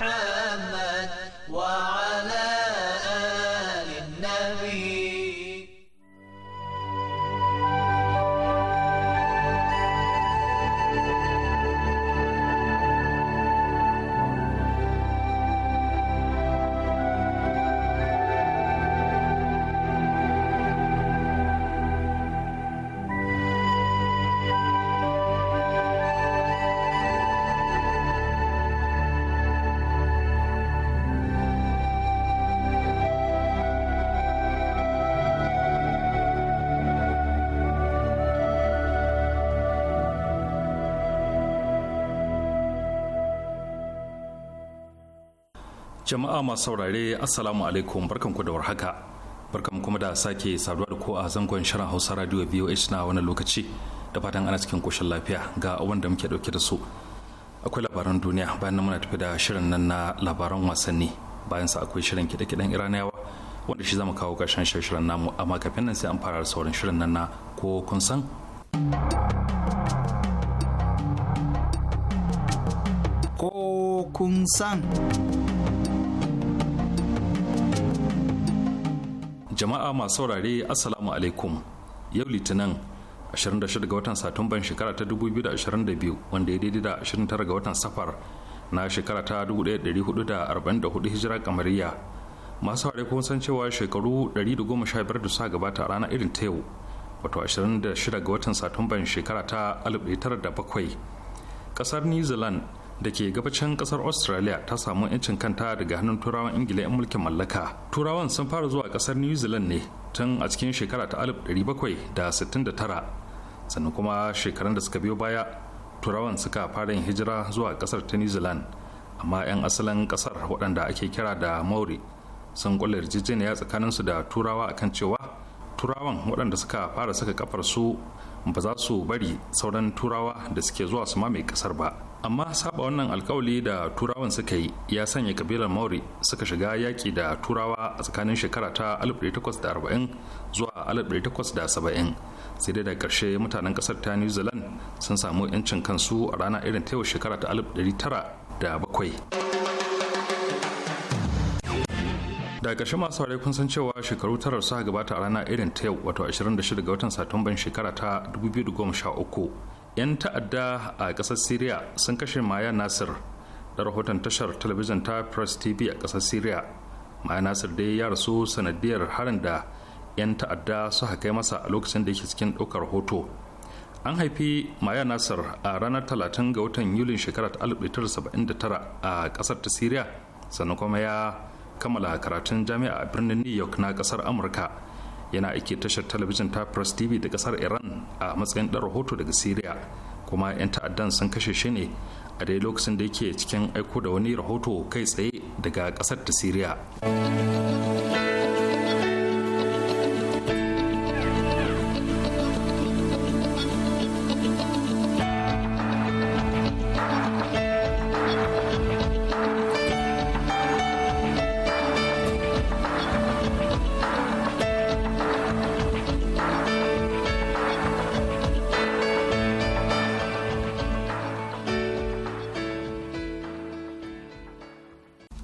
الحال jama'a masu saurare assalamu alaikum barkanku da warhaka barkan kuma da sake saduwa da ko a zangon shirin hausa radio voh na wani lokaci da fatan ana cikin koshin lafiya ga wanda muke dauke da su akwai labaran duniya bayan nan muna tafi da shirin nan na labaran wasanni bayan sa akwai shirin kiɗe-kiɗen iraniyawa wanda shi zamu kawo ƙarshen shirin namu amma kafin nan sai an fara sauran shirin nan na ko kun san ko kun san jama'a masu saurare assalamu alaikum yau litinin 26 ga watan satumban shekara ta 2022 wanda ya daidai da 29 ga watan safar na shekara ta 1444 hijira kamariya masu saurare kuma san cewa shekaru 115 da suka gabata a irin ta yau wato 26 ga watan satumban shekara ta 1907 kasar new zealand da ke gabacin kasar australia ta samu 'yancin kanta daga hannun turawan ingila 'yan mulkin mallaka turawan sun fara zuwa kasar new zealand ne tun a cikin shekara ta alif da da sittin tara sannan kuma shekarun da suka biyo baya turawan suka fara yin hijira zuwa kasar ta new zealand amma 'yan asalin kasar waɗanda ake kira da maori sun kulle tsakanin su da turawa akan cewa turawan waɗanda suka fara saka kafar su ba za su bari sauran turawa da suke zuwa su mamaye kasar ba amma saba wannan alkawali da turawan suka yi ya sanya kabilar maori suka shiga yaƙi da turawa a tsakanin shekara ta 1840 zuwa 1870 sai dai da karshe mutanen ƙasar ta new zealand sun samu 'yancin kansu a rana irin ta yau shekara ta 1907 da ƙarshe masu ware kun san cewa shekaru tara su gabata a rana irin ta yau wato 26 ga watan satumban shekara ta 2013 'yan ta'adda a ƙasar syria sun kashe maya nasir da rahoton tashar talabijin ta press tv a ƙasar syria maya nasir dai ya rasu sanadiyar harin da 'yan ta'adda suka kai masa a lokacin da yake cikin ɗaukar hoto an haifi maya nasir a ranar 30 ga watan yulin shekarar 1979 a ƙasar ta syria sannan kuma ya kammala karatun jami'a a birnin new york na ƙasar amurka yana aiki tashar talabijin ta press tv da kasar iran a matsayin ɗan rahoto daga syria kuma 'yan ta'addan sun kashe shi ne a dai lokacin da yake cikin aiko da wani rahoto kai tsaye daga kasar ta syria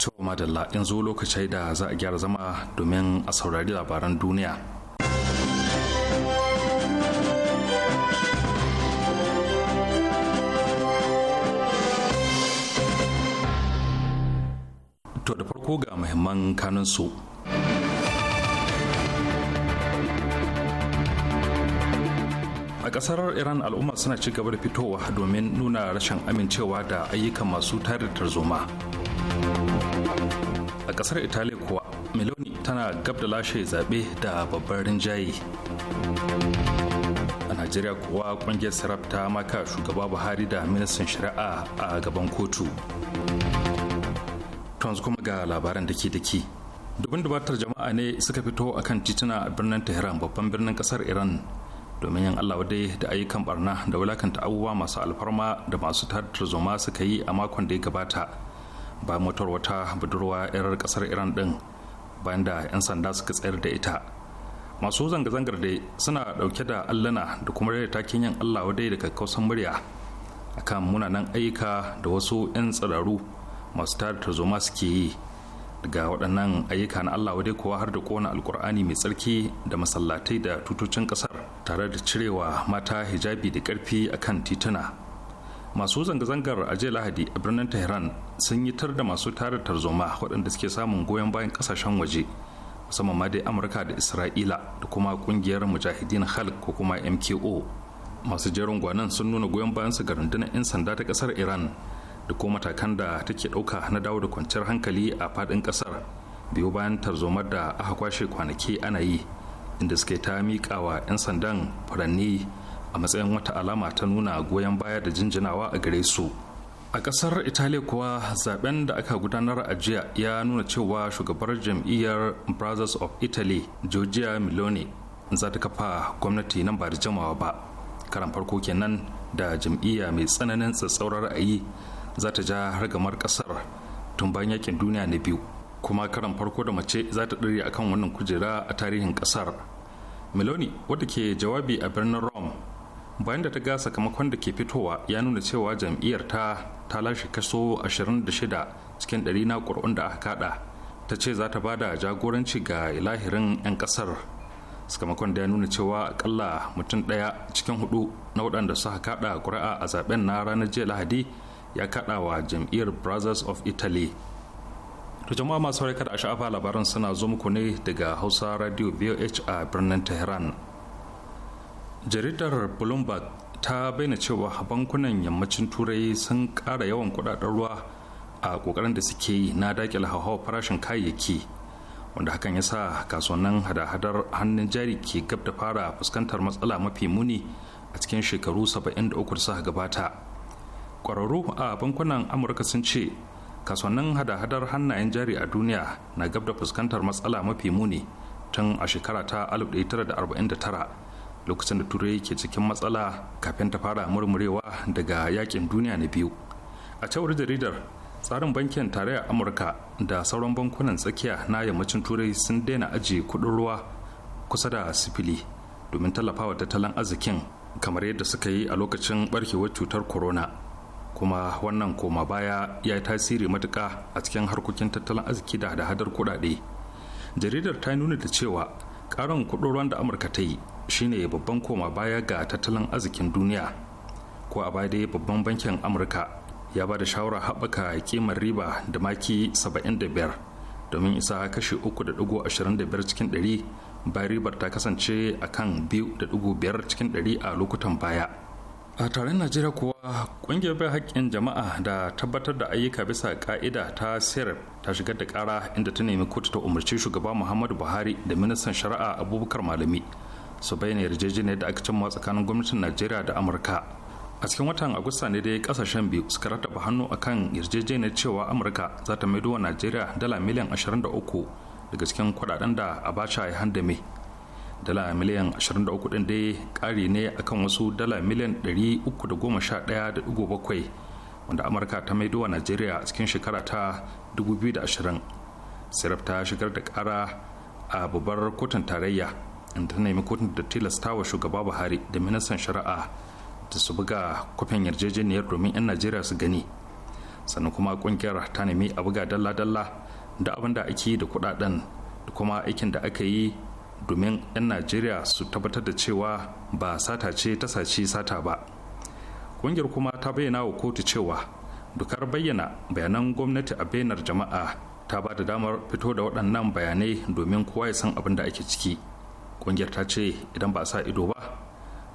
To madalla yanzu lokacin da za a gyara zama domin a saurari labaran duniya. To da farko ga muhimman kanunsu. a kasar iran al'umma suna ci gaba da fitowa domin nuna rashin amincewa da ayyukan masu tare da tarzoma kasar italiya kuwa meloni tana gab da lashe zaɓe da babbar rinjaye a najeriya kuwa ƙungiyar sarabta ta maka shugaba buhari da ministan shari'a a gaban kotu yanzu kuma ga labaran da ke dubin dubatar jama'a ne suka fito a kan tituna a birnin tehran babban birnin kasar iran domin yin allah dai da ayyukan barna da wulakanta abubuwa masu alfarma da masu tarzoma suka yi a makon da ya gabata ba motar wata budurwa 'yar kasar iran din bayan da 'yan sanda suka tsayar da ita masu zanga-zangar dai suna dauke da allana da kuma rai takin yin allah wadai da kakkausan murya akan munanan ayyuka da wasu 'yan tsiraru masu da zoma suke yi daga waɗannan ayyuka na allah wadai kuwa har da kona alkur'ani mai tsarki da masallatai da tutocin ƙasar tare da cirewa mata hijabi da ƙarfi akan tituna masu zanga-zangar a jiya lahadi a birnin tehran sun yi tar da masu tare tarzoma waɗanda suke samun goyon bayan ƙasashen waje musamman ma dai amurka da isra'ila da kuma ƙungiyar mujahideen halk ko kuma mko masu jerin gwanan sun nuna goyon bayan su ga rundunar 'yan sanda ta ƙasar iran da kuma matakan da take ɗauka na dawo da kwanciyar hankali a faɗin ƙasar biyu bayan tarzomar da aka kwashe kwanaki ana yi inda suke ta miƙa wa 'yan sandan furanni a matsayin wata alama ta nuna goyon baya da jinjinawa a gare su a kasar italiya kuwa zaben da aka gudanar a jiya ya nuna cewa shugabar jam'iyyar brothers of italy georgia Meloni, za ta kafa gwamnati nan ba da jamawa ba karan farko kenan da jam'iyya mai tsananin tsatsaurar ra'ayi za ta ja ragamar kasar tun bayan yakin duniya na biyu kuma karan farko da mace za ta dare akan wannan kujera a tarihin kasar meloni wadda ke jawabi a birnin bayan da ta ga sakamakon da ke fitowa ya nuna cewa jam'iyyar ta ta lashe kaso 26 cikin ɗari na ƙuri'un da aka kada ta ce za ta ba da jagoranci ga lahirin 'yan ƙasar sakamakon da ya nuna cewa akalla mutum ɗaya cikin hudu na waɗanda suka kada ƙuri'a a zaben na ranar jiya lahadi ya kada wa jam'iyyar brothers of italy to jama'a masu kada a sha'afa labaran suna zo muku ne daga hausa radio voh a birnin tehran jaridar bloomberg ta bayyana cewa bankunan yammacin turai sun kara yawan kudaden ruwa a kokarin da suke yi na dakile hauhawa farashin kayayyaki wanda hakan ya sa kasuwannin hada-hadar hannun jari ke gab da fara fuskantar matsala mafi muni a cikin shekaru 73 da suka gabata ƙwararru a bankunan amurka sun ce kasuwannin hada-hadar hannayen jari a duniya na gab da fuskantar matsala mafi muni tun a shekara ta 1949 lokacin da turai ke cikin matsala kafin ta fara murmurewa daga yakin duniya na biyu a cewar jaridar tsarin bankin tarayyar amurka da sauran bankunan tsakiya na yammacin turai sun daina ajiye kudin ruwa kusa da sifili domin tallafawa tattalin arzikin kamar yadda suka yi a lokacin barkewar cutar corona kuma wannan koma baya ya yi tasiri matuka a cikin harkokin tattalin arziki da hadar kudade jaridar ta nuna da cewa karin kudin ruwan da amurka ta yi shine babban koma baya ga tattalin arzikin duniya ko a baya dai babban bankin amurka ya ba da shawarar haɓaka kimar riba da maki 75 domin isa kashi 3.25 cikin 100 bayan ribar ta kasance a kan 2.5 cikin 100 a lokutan baya a taron najeriya kuwa ƙungiyar bai haƙƙin jama'a da tabbatar da ayyuka bisa ƙa'ida ta serap ta shigar da ƙara inda ta nemi kotu ta umarci shugaba muhammadu buhari da ministan shari'a abubakar malami su bayyana yarjejeniyar da aka cimma tsakanin gwamnatin najeriya da amurka a cikin watan agusta ne dai kasashen biyu suka rattaba hannu akan yarjejeniyar cewa amurka za ta maido wa najeriya dala miliyan 23 daga cikin kudaden da abacha ya handame dala miliyan 23 din dai kari ne akan wasu dala miliyan 311.7 wanda amurka ta maido wa najeriya a cikin shekara ta 2020 sirif ta shigar da kara a babbar kotun tarayya inda ta nemi kotun da tilastawa shugaba buhari da ministan shari'a da su buga kwafin yarjejeniyar domin 'yan najeriya su gani sannan kuma kungiyar ta nemi a buga dalla-dalla da abin da ake yi da kudaden da kuma aikin da aka yi domin 'yan najeriya su tabbatar da cewa ba sata ce ta sace sata ba kungiyar kuma ta bayyana wa kotu cewa dokar bayyana bayanan gwamnati a bainar jama'a ta ba da damar fito da waɗannan bayanai domin kowa ya san abin da ake ciki kungiyar ta ce idan ba a sa ido ba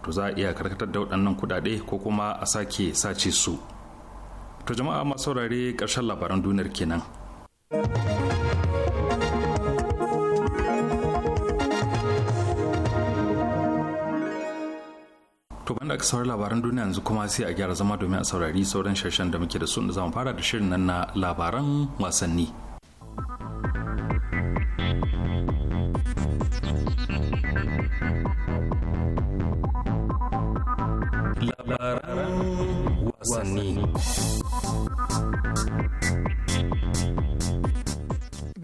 to za a iya karkatar da waɗannan kuɗaɗe ko kuma a sake sace su to jama'a masu saurare ƙarshen labaran duniyar kenan To ban aka saurari labaran duniya yanzu kuma sai a gyara zama domin a saurari sauran shashen da muke da su da zama fara da shirin nan na labaran wasanni.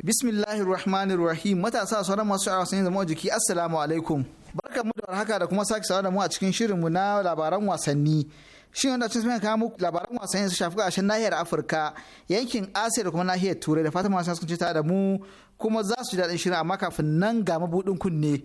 Bismillahir Rahmanir Rahim matasa sauran masu sha'awa sun zama jiki assalamu alaikum. Barka mu da warhaka da kuma sake sauran mu a cikin shirinmu na labaran wasanni. Shin wanda cin sun kawo muku labaran wasanni su shafi ƙarshen nahiyar Afirka, yankin Asiya da kuma nahiyar Turai da fatan masu sun ce da mu kuma za su ji daɗin shirin amma kafin nan ga mabuɗin kunne.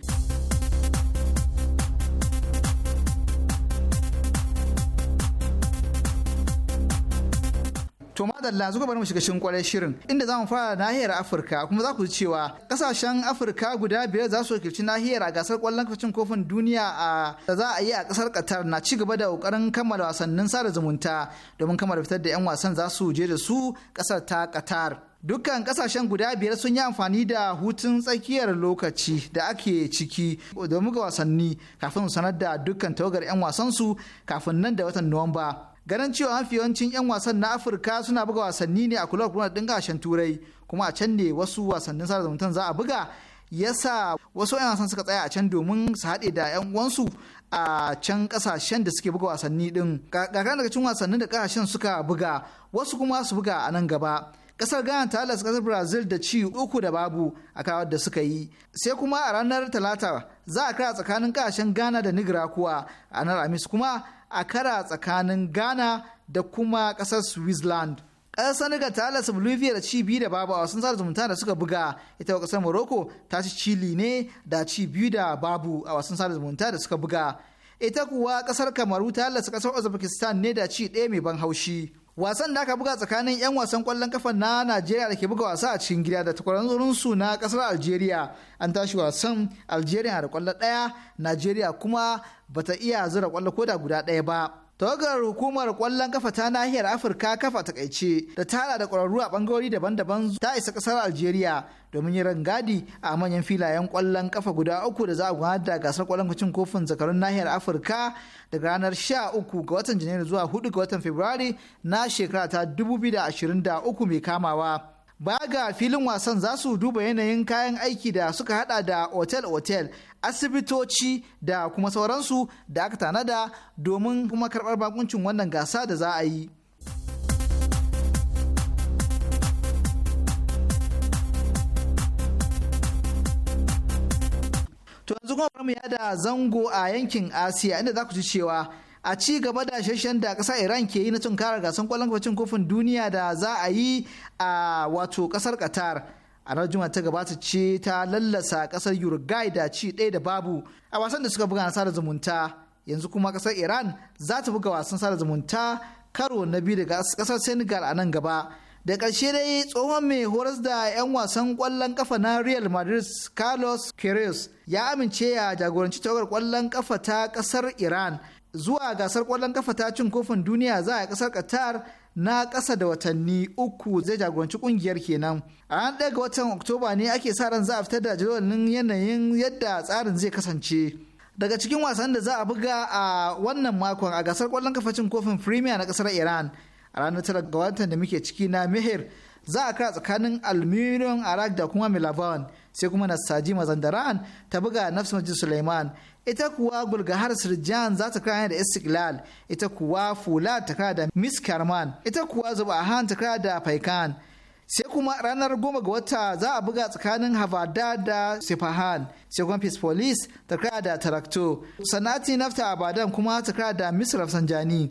To madalla zuka bari mu shiga cikin kwarai shirin inda za mu fara nahiyar Afirka kuma za ku ji cewa kasashen Afirka guda biyar za su wakilci nahiyar a gasar kwallon kafin kofin duniya a da za a yi a kasar Qatar na ci gaba da kokarin kammala wasannin sada zumunta domin kammala fitar da 'yan wasan za su je da su kasar ta Qatar. Dukkan kasashen guda biyar sun yi amfani da hutun tsakiyar lokaci da ake ciki domin ga wasanni kafin sanar da dukkan tawagar 'yan wasansu kafin nan da watan Nuwamba. ganin cewa mafi yawancin 'yan wasan na afirka suna buga wasanni ne a kulob kuma ɗin ƙasashen turai kuma a can ne wasu wasannin sada zumuntan za a buga yasa wasu 'yan wasan suka tsaya a can domin su haɗe da 'yan uwansu a can ƙasashen da suke buga wasanni ɗin kakar daga cikin wasannin da ƙasashen suka buga wasu kuma su buga a nan gaba ƙasar ghana ta halasta kasar brazil da ci uku da babu a kawar da suka yi sai kuma a ranar talata za a kara tsakanin kasashen ghana da nigra kuwa a ranar kuma a kara tsakanin ghana da kuma kasar switzerland ƙasar senegal ta halasta bolivia da ci biyu da babu a wasan sada zumunta da suka buga ita wa ƙasar morocco ta ci chile ne da ci biyu da babu a wasan sada zumunta da suka buga ita kuwa ƙasar kamaru ta halasta ƙasar uzbekistan ne da ci ɗaya mai ban haushi wasan da aka buga tsakanin 'yan wasan kwallon kafa na najeriya da ke buga wasa a cikin gida da takwaran su na kasar algeria an tashi wasan algeria da kwallo daya najeriya kuma bata iya zura kwallo ko da guda daya ba tawagar hukumar kwallon kafa ta nahiyar afirka kafa ta kaice da tara da kwararru a bangarori daban-daban ta isa kasar algeria domin yin rangadi a manyan filayen kwallon kafa guda uku da za a gudanar da gasar kwallon kucin kofin zakarun nahiyar afirka daga ranar 13 ga watan janairu zuwa 4 ga watan fabrairu na shekara ta 2023 mai kamawa ba ga filin wasan za su duba yanayin kayan aiki da suka hada da otel-otel asibitoci da kuma sauransu da aka tanada domin kuma karbar bakuncin wannan gasa da za a yi to yanzu kuma mu yada zango a yankin asiya inda za ku ci cewa a ci gaba da shashen da ƙasar iran ke yi na tunkarar gasar kwallon kwacin kofin duniya da za a yi a wato ƙasar qatar a ranar juma'a ta gabata ce ta lallasa ƙasar uruguay da ci daya da babu a wasan da suka buga na sada zumunta yanzu kuma ƙasar iran za ta buga wasan sada zumunta karo na biyu daga ƙasar senegal a nan gaba da ƙarshe dai tsohon mai horas da 'yan wasan kwallon kafa na real madrid carlos queiroz ya amince ya jagoranci tawagar kwallon kafa ta ƙasar iran zuwa gasar kwallon kafa ta cin kofin duniya za a kasar qatar na kasa da watanni uku zai jagoranci ƙungiyar kenan a ran ɗaya ga watan oktoba ne ake sa ran za a fitar da jadawalin yanayin yadda tsarin zai kasance daga cikin wasan da za a buga a wannan makon a gasar kwallon kafa cin kofin premier na ƙasar iran a ranar tara ga watan da muke ciki na mihir za a kira tsakanin almiriyon arak da kuma milaban sai kuma nasaji mazandaran ta buga nafsu suleiman ita kuwa gulgahar sirjan za ta kara da istiklal ita kuwa fulat ta kara da miskarman ita kuwa a ta kara da faikan sai kuma ranar goma ga wata za a buga tsakanin havada da sifahan sai kuma police ta kara da tarakto sanati nafta abadan kuma ta kara da misraf sanjani.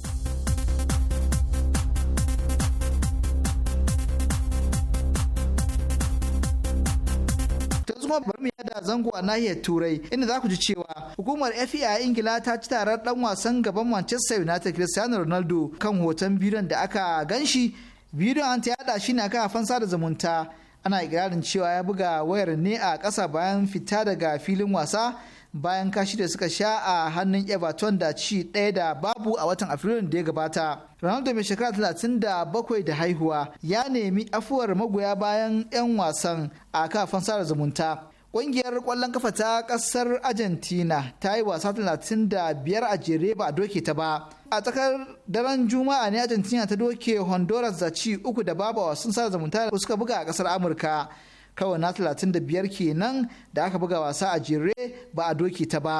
kuma bari mu yada zango a nahiyar turai inda za ku ji cewa hukumar FA a Ingila ta ci tarar dan wasan gaban Manchester United Cristiano Ronaldo kan hoton bidiyon da aka ganshi bidiyon an ta yada shi ne a kafan sada zumunta ana ikirarin cewa ya buga wayar ne a ƙasa bayan fita daga filin wasa bayan kashi da suka sha a hannun everton da ci ɗaya da babu a watan afrilun da ya gabata ronaldo mai shekara talatin da bakwai da haihuwa ya nemi afuwar magoya bayan 'yan wasan a kafan sada zumunta Ƙungiyar ƙwallon kafa ta ƙasar Argentina ta yi wasa talatin da biyar a jere ba a doke ta ba. A tsakar daren Juma'a ne Argentina ta doke Honduras da ci uku da babu wasan sada zumunta da suka buga a ƙasar Amurka. kawai na 35 kenan da aka buga wasa a jere ba a doki ta ba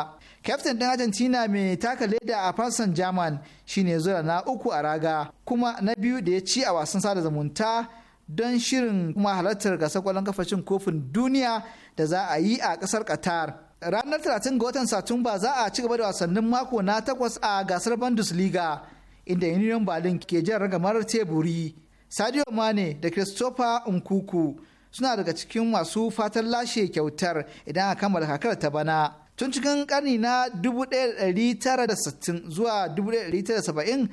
kaftin ɗin argentina mai taka leda a fasan german shine zura na uku a raga kuma na biyu da ya ci a wasan sada zumunta don shirin kuma halartar gasar kwallon kafashin kofin duniya da za a yi a ƙasar qatar ranar 30 ga watan satumba za a ci gaba da wasannin mako na takwas a gasar bundesliga inda union berlin ke jan ragamar teburi sadio mane da christopher nkuku suna daga cikin masu fatan lashe kyautar idan aka kammala kakar ta bana. Tun cikin karni na 1960 zuwa 1970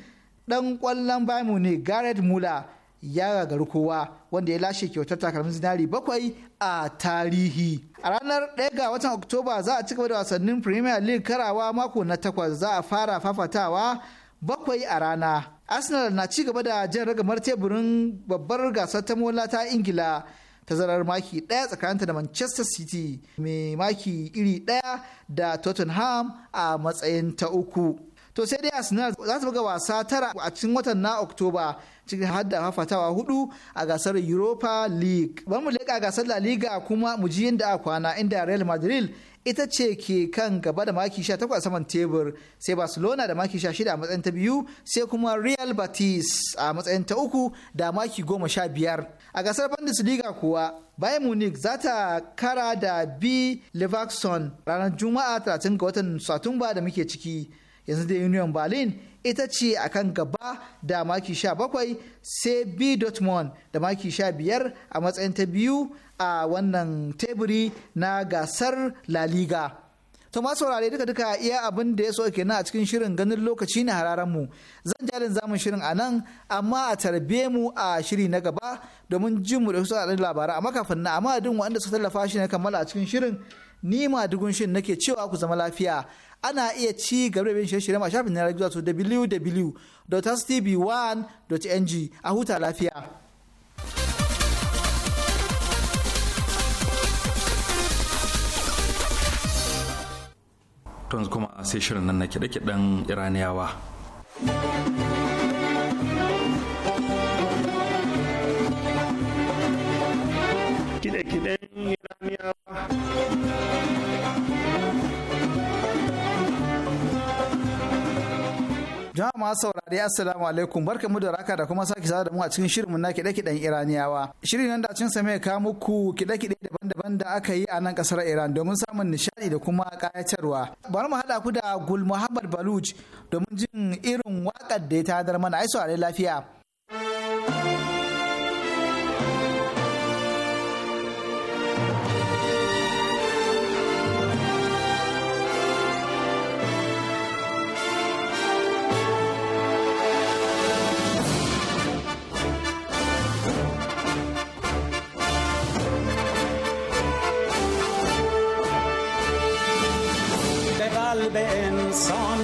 ɗan ƙwallon Bayern ne Gareth Muller ya gagaru kowa wanda ya lashe kyautar takalmin zinari bakwai a tarihi. A ranar 1 ga watan Oktoba za a cigaba da wasannin Premier League karawa mako na takwas za a fara fafatawa bakwai a rana. Arsenal na cigaba da jan ragamar teburin babbar gasar ta mola ta Ingila tazarar maki ɗaya tsakaninta da manchester city mai maki iri ɗaya da tottenham a matsayin ta uku to sai dai arsenal za su buga wasa tara a cikin watan na oktoba cikin har da fafatawa hudu a gasar europa league ban mu leka gasar la liga kuma mu ji yadda a kwana inda real madrid ita ce ke kan gaba da maki 18 saman tebur sai barcelona da maki 16 a matsayin ta biyu sai kuma real batis a matsayin ta uku da maki biyar. a gasar bundesliga kuwa bayan munich za ta kara da b leverkusen ranar juma'a 30 ga watan satumba da muke ciki yanzu da union berlin ita ce a kan gaba da maki bakwai sai b dortmund da maki sha biyar a matsayin ta biyu a wannan teburi na gasar laliga. Liga. To ma saurare duka duka iya abin da ya so kenan a cikin shirin ganin lokaci na hararen mu. Zan jarin zamun shirin a nan amma a tarbe mu a shiri na gaba domin jin mu da su a labarai amma kafin na amma din wanda suka tallafa shi na kammala a cikin shirin ni ma dugun shirin nake cewa ku zama lafiya. Ana iya ci gaba da bin shirye-shirye a shafin na www.tv1.ng a huta lafiya. yanzu kuma sai shirin nan na kiɗe-kiɗen iraniyawa jama'a masu saurari assalamu alaikum barka mu da raka da kuma sake sa da mu a cikin shirin na kide kiɗen iraniyawa shirin nan da cin same ka muku kiɗe-kiɗe daban-daban da aka yi a nan kasar Iran domin samun nishadi da kuma kayatarwa. Bari mu haɗa ku da Gul Muhammad Baluch domin jin irin waƙar da ya tadar mana ai saurari lafiya. قلب انسان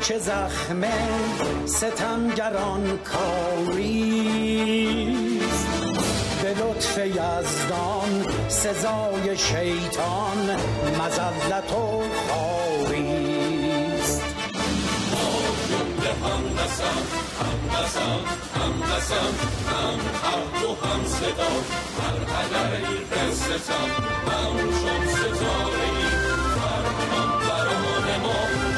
چه زخم ستمگران کاریست به لطف یزدان سزای شیطان مزلت و خاری هم قسم هم هم هم حق و هم صدا هر این من Oh.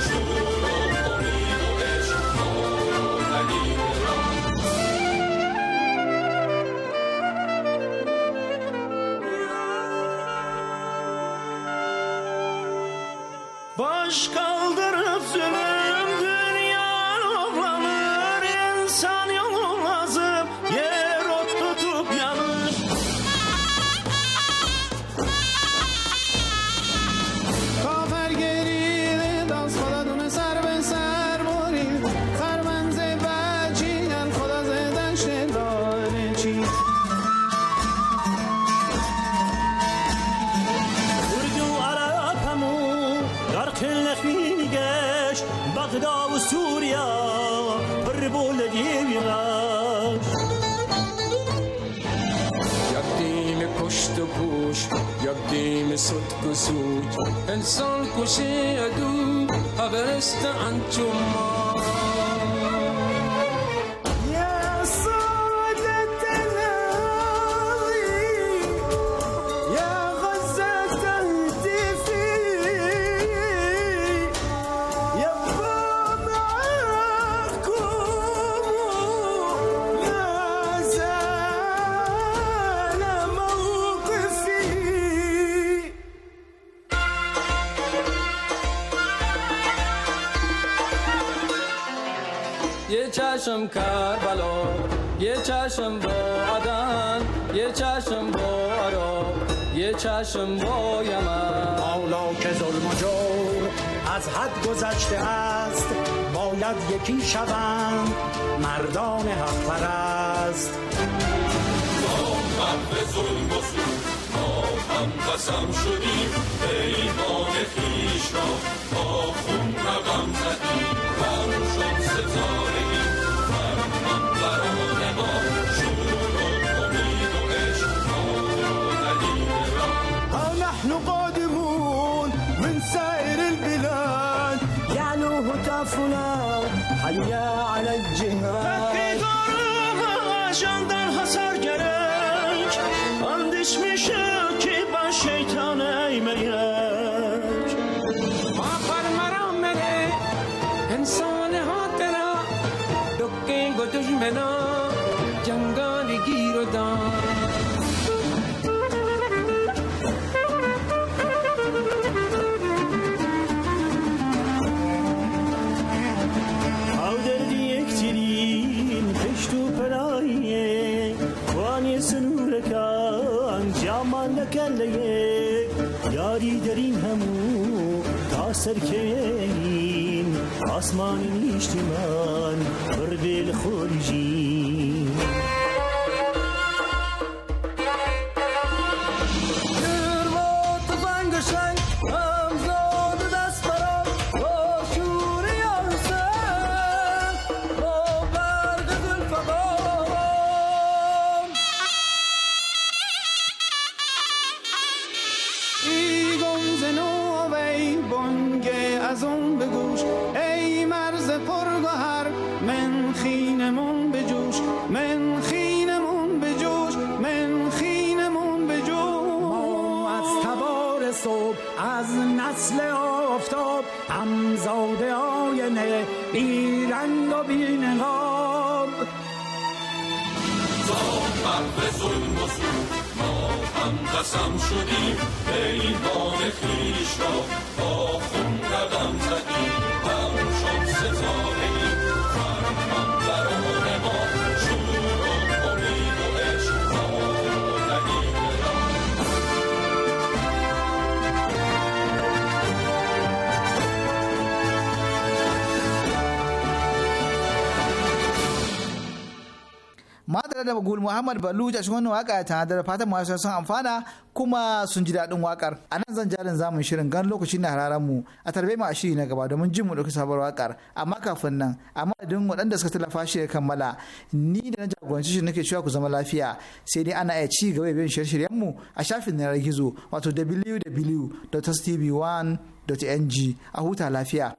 شلخ میگش بغدا و سوریا بر بولدی یک دیم کشت و پوش یکدیم صدق و سود انسان کشه ادو هبرست چشم با عدن یه چشم با عراق یه چشم با یمن حالا که ظلم و جور از حد گذشته است باید یکی شوند مردان حق پرست ما هم به ظلم و ما هم قسم شدیم پیمان خیش را با خون رقم زدیم هم شد ستاره يا على الجهاد الكريم عصمان الاجتماع بالخلجين خینمون به جوش من خینمون به جوش من خینمون به جوش از تبار صبح از نسل آفتاب همزاده آینه بی رنگ و بی نقاب به ظلم و ما هم قسم شدیم پیمان خیش را با خون قدم زدیم tare da magul muhammad baluja cikin wannan waka ta da fatan masu sun amfana kuma sun ji daɗin wakar a nan zan jarin zamun shirin gan lokacin na hararen mu a tarbe mu shiri na gaba domin jin mu ɗauki sabuwar wakar amma kafin nan a madadin waɗanda suka tallafa shi ya kammala ni da na jagoranci shi nake cewa ku zama lafiya sai dai ana iya ci gaba bin shirye-shiryen mu a shafin yanar gizo wato www.tv1.ng a huta lafiya.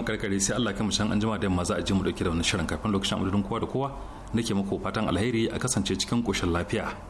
mu karkare sai Allah kan can anjima da yamma za a je mu dauke da wani shirin kafin lokacin amadadin kowa da kowa nake muku fatan alheri a kasance cikin koshin lafiya